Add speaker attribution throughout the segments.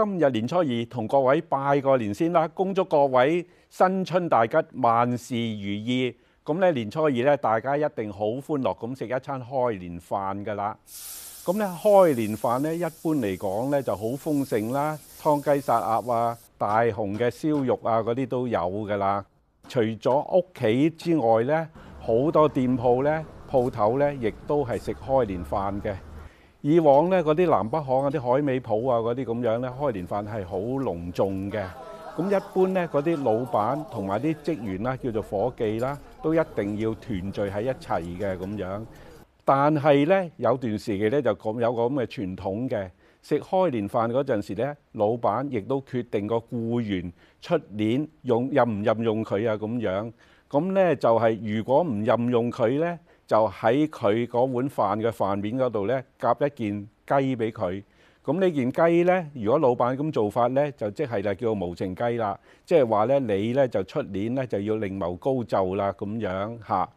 Speaker 1: 今日年初二，同各位拜個年先啦，恭祝各位新春大吉，萬事如意。咁咧年初二咧，大家一定好歡樂咁食一餐開年飯噶啦。咁咧開年飯咧，一般嚟講咧就好豐盛啦，劏雞殺鴨啊，大紅嘅燒肉啊，嗰啲都有噶啦。除咗屋企之外咧，好多店鋪咧，鋪頭咧，亦都係食開年飯嘅。以往咧嗰啲南北巷嗰啲海味鋪啊，嗰啲咁樣咧，開年飯係好隆重嘅。咁一般咧，嗰啲老闆同埋啲職員啦，叫做伙計啦，都一定要團聚喺一齊嘅咁樣。但係咧，有段時期咧就咁有個咁嘅傳統嘅，食開年飯嗰陣時咧，老闆亦都決定個僱員出年用任唔任用佢啊咁樣，咁咧就係、是、如果唔任用佢咧，就喺佢嗰碗飯嘅飯面嗰度呢夾一件雞俾佢。咁呢件雞呢，如果老闆咁做法呢，就即係就叫無情雞啦。即係話呢，你呢就出年呢就要另謀高就啦咁樣吓。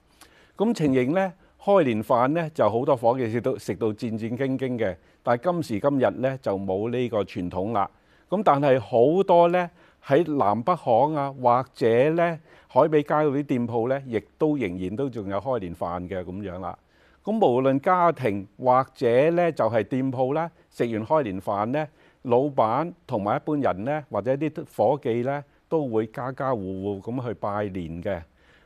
Speaker 1: 咁情形呢，開年飯呢就好多夥計食到食到戰戰兢兢嘅。但係今時今日呢就冇呢個傳統啦。咁但係好多呢。喺南北行啊，或者咧海味街嗰啲店鋪咧，亦都仍然都仲有開年飯嘅咁樣啦。咁無論家庭或者咧就係店鋪啦，食完開年飯咧，老闆同埋一般人咧，或者啲夥計咧，都會家家戶戶咁去拜年嘅。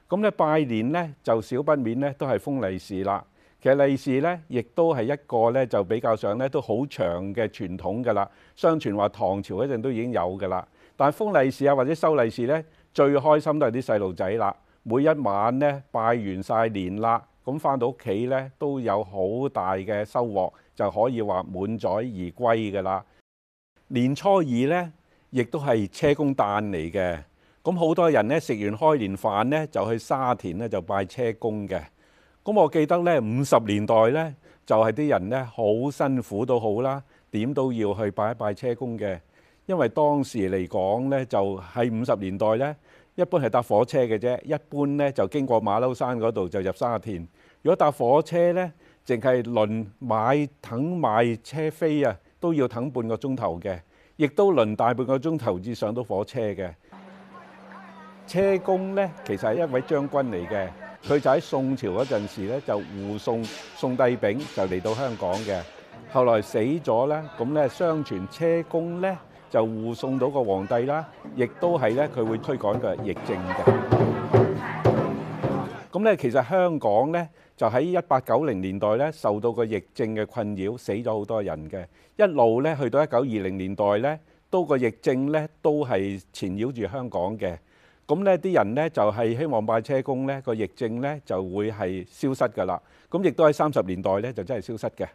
Speaker 1: 咁咧拜年咧就少不免咧都係封利是啦。其實利是咧亦都係一個咧就比較上咧都好長嘅傳統㗎啦。相傳話唐朝嗰陣都已經有㗎啦。但封利是啊，或者收利是呢，最開心都係啲細路仔啦。每一晚呢，拜完晒年啦，咁翻到屋企呢，都有好大嘅收穫，就可以話滿載而歸噶啦。年初二呢，亦都係車公誕嚟嘅。咁好多人呢，食完開年飯呢，就去沙田呢，就拜車公嘅。咁我記得呢，五十年代呢，就係啲人呢，好辛苦都好啦，點都要去拜一拜車公嘅。因為當時嚟講呢就喺五十年代呢一般係搭火車嘅啫。一般呢就經過馬騮山嗰度就入沙田。如果搭火車呢，淨係輪買等買車飛啊，都要等半個鐘頭嘅，亦都輪大半個鐘頭至上到火車嘅。車公呢，其實係一位將軍嚟嘅，佢就喺宋朝嗰陣時呢就護送宋帝昺就嚟到香港嘅。後來死咗呢，咁呢，相傳車公呢。就護送到個皇帝啦，亦都係咧佢會推廣個疫症㗎。咁咧，其實香港咧就喺一八九零年代咧受到個疫症嘅困擾，死咗好多人嘅。一路咧去到一九二零年代咧，都個疫症咧都係纏繞住香港嘅。咁咧啲人咧就係希望拜車公咧個疫症咧就會係消失㗎啦。咁亦都喺三十年代咧就真係消失嘅。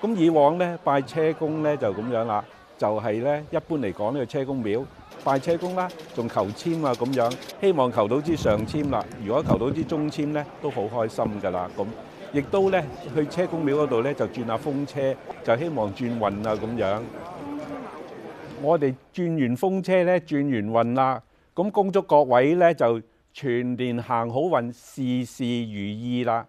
Speaker 1: 咁以往咧拜車公咧就咁樣啦。就係咧，一般嚟講，呢個車公廟拜車公啦，仲求籤啊咁樣，希望求到支上籤啦。如果求到支中籤咧，都好開心噶啦。咁亦都咧去車公廟嗰度咧就轉下風車，就希望轉運啊咁樣。我哋轉完風車咧，轉完運啦。咁恭祝各位咧就全年行好運，事事如意啦！